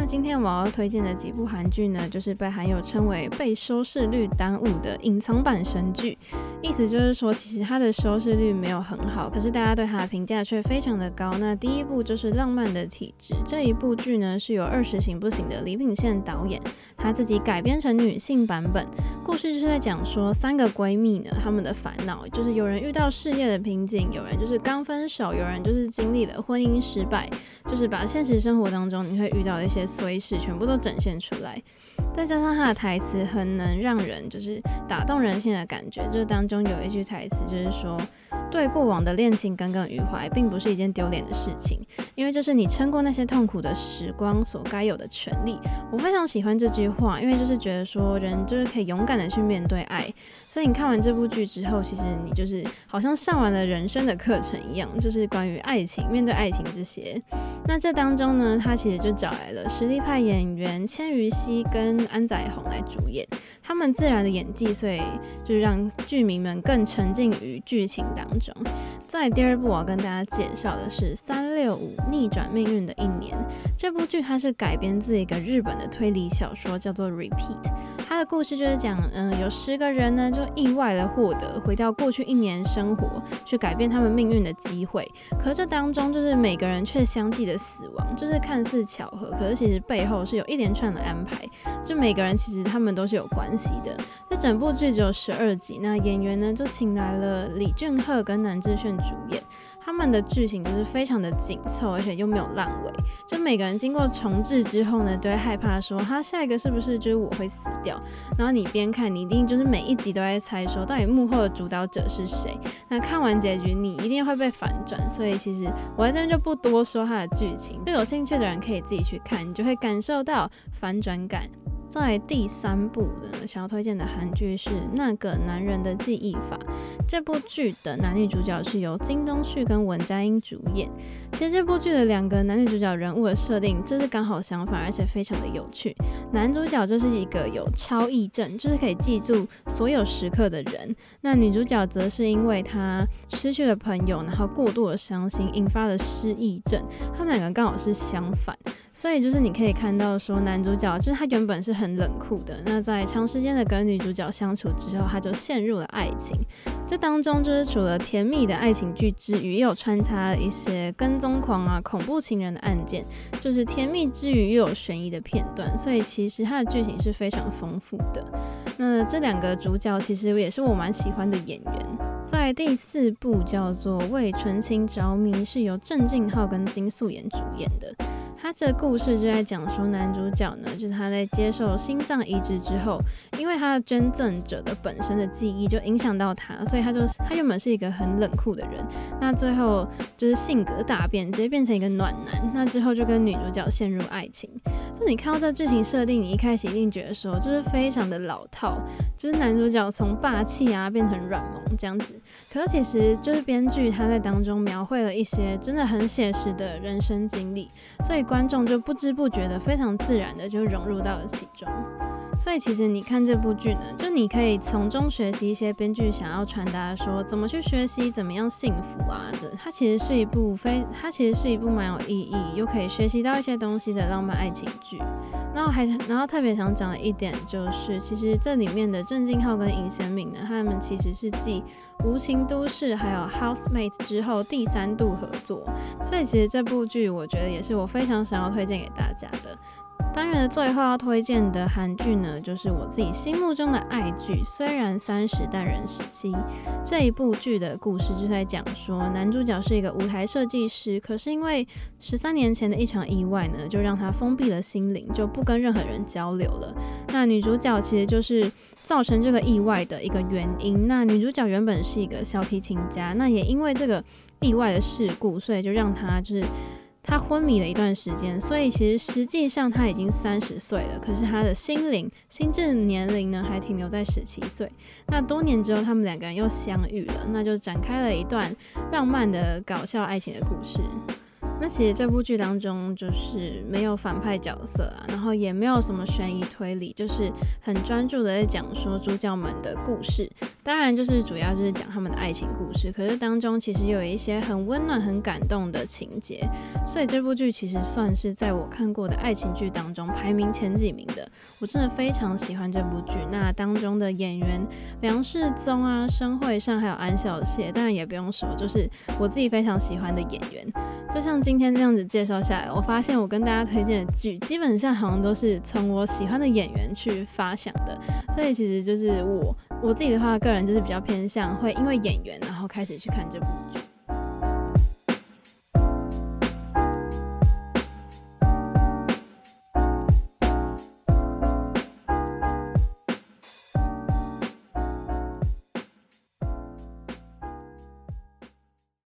那今天我要推薦的幾部韓劇呢，就是被韓友稱為被收視率耽誤的隱藏版神劇，意思就是說，其實它的收視率沒有很好，可是大家對它的評價卻非常的高。那第一部就是《浪漫的體質》，這一部劇呢是由二十行不行的李秉憲導演，他自己改編成女性版本，故事就是在講說三個閨蜜呢，她們的煩惱就是有人遇到事業的瓶頸，有人就是剛分手，有人就是經歷了婚姻失敗，就是把現實生活當中你會遇到的一些。隨時全部都展現出來，再加上他的台詞很能讓人就是打動人心的感覺。就是當中有一句台詞，就是說對過往的戀情耿耿於懷，並不是一件丟臉的事情，因為這是你撐過那些痛苦的時光所該有的權利。我非常喜歡這句話，因為就是覺得說人就是可以勇敢的去面對愛。所以你看完這部劇之後，其實你就是好像上完了人生的課程一樣，就是關於愛情、面對愛情這些。那這當中呢，他其實就找來了實力派演員千禹熙跟安宰弘來主演，他們自然的演技，所以就讓劇迷們更沉浸於劇情當中。在第二部，我要跟大家介紹的是《三六五逆轉命運的一年》這部劇，它是改編自一個日本的推理小說，叫做《Repeat》。他的故事就是講，嗯、呃，有十個人呢，就意外的獲得回到過去一年生活，去改變他們命運的機會。可是這當中，就是每個人卻相繼的死亡，就是看似巧合，可是其實背後是有一連串的安排。就每個人其實他們都是有關係的。這整部劇只有十二集，那演員呢就請來了李俊赫跟南志鉉主演。他們的劇情就是非常的緊湊，而且又沒有爛尾。就每個人經過重置之後呢，都會害怕說他下一個是不是就是我會死掉。然後你邊看，你一定就是每一集都在猜說到底幕後的主導者是誰。那看完結局，你一定會被反轉。所以其實我在這邊就不多說它的劇情，就有興趣的人可以自己去看，你就會感受到反轉感。在第三部呢，想要推薦的韓劇是《那個男人的記憶法》。這部劇的男女主角是由金東旭跟文佳英主演。其實這部劇的兩個男女主角人物的設定，這是剛好相反，而且非常的有趣。男主角就是一個有超憶症，就是可以記住所有時刻的人。那女主角則是因為她失去了朋友，然後過度的傷心，引發了失憶症。他們兩個剛好是相反，所以就是你可以看到說，男主角就是他原本是很冷酷的，那在長時間的跟女主角相處之後，他就陷入了愛情。這當中就是除了甜蜜的愛情劇之餘，又有穿插一些跟蹤狂啊、恐怖情人的案件，就是甜蜜之餘又有懸疑的片段，所以其實它的劇情是非常豐富的。那這兩個主角其實也是我蠻喜歡的演員，在第四部叫做《為純情着迷》，是由鄭敬浩跟金素妍主演的。他這個故事就在講說，男主角呢，就是他在接受心臟移植之後，因為他的捐贈者的本身的記憶就影響到他，所以他就他原本是一個很冷酷的人，那最後就是性格大變，直接變成一個暖男。那之後就跟女主角陷入愛情。就你看到這劇情設定，你一開始一定覺得說，就是非常的老套，就是男主角從霸氣啊變成軟萌這樣子。可是其實就是編劇他在當中描繪了一些真的很寫實的人生經歷，所以。觀眾就不知不覺的非常自然的就融入到了其中，所以其實你看這部劇呢，就你可以從中學習一些編劇想要傳達說，怎麼去學習，怎麼樣幸福啊的。它其實是一部非，它其實是一部蠻有意義又可以學習到一些東西的浪漫愛情劇。然後還然後特別想講的一點就是，其實這裡面的鄭敬浩跟尹賢敏呢，他們其實是繼《無情都市》還有《Housemate》之後第三度合作，所以其實這部劇我覺得也是我非常。想要推薦給大家的單元的最後要推薦的韓劇呢，就是我自己心目中的愛劇。雖然三十，但仍十七。這一部劇的故事就是在講說，男主角是一個舞台設計師，可是因為十三年前的一場意外呢，就讓他封閉了心靈，就不跟任何人交流了。那女主角其實就是造成這個意外的一個原因。那女主角原本是一個小提琴家，那也因為這個意外的事故，所以就讓他就是。他昏迷了一段時間，所以其實實際上他已經三十歲了，可是他的心靈、心智年齡呢，還停留在十七歲。那多年之後，他們兩個人又相遇了，那就展開了一段浪漫的搞笑愛情的故事。那其實這部劇當中就是沒有反派角色啊，然後也沒有什麼懸疑推理，就是很專注的在講說主角們的故事。當然就是主要就是講他們的愛情故事，可是當中其實有一些很溫暖、很感動的情節，所以這部劇其實算是在我看過的愛情劇當中排名前幾名的。我真的非常喜歡這部劇。那當中的演員梁世宗啊、申惠善還有安孝燮，當然也不用說，就是我自己非常喜歡的演員，就像。今天這樣子介紹下來，我發現我跟大家推薦的劇，基本上好像都是從我喜歡的演員去發想的，所以其實就是我我自己的話，個人就是比較偏向會因為演員，然後開始去看這部劇。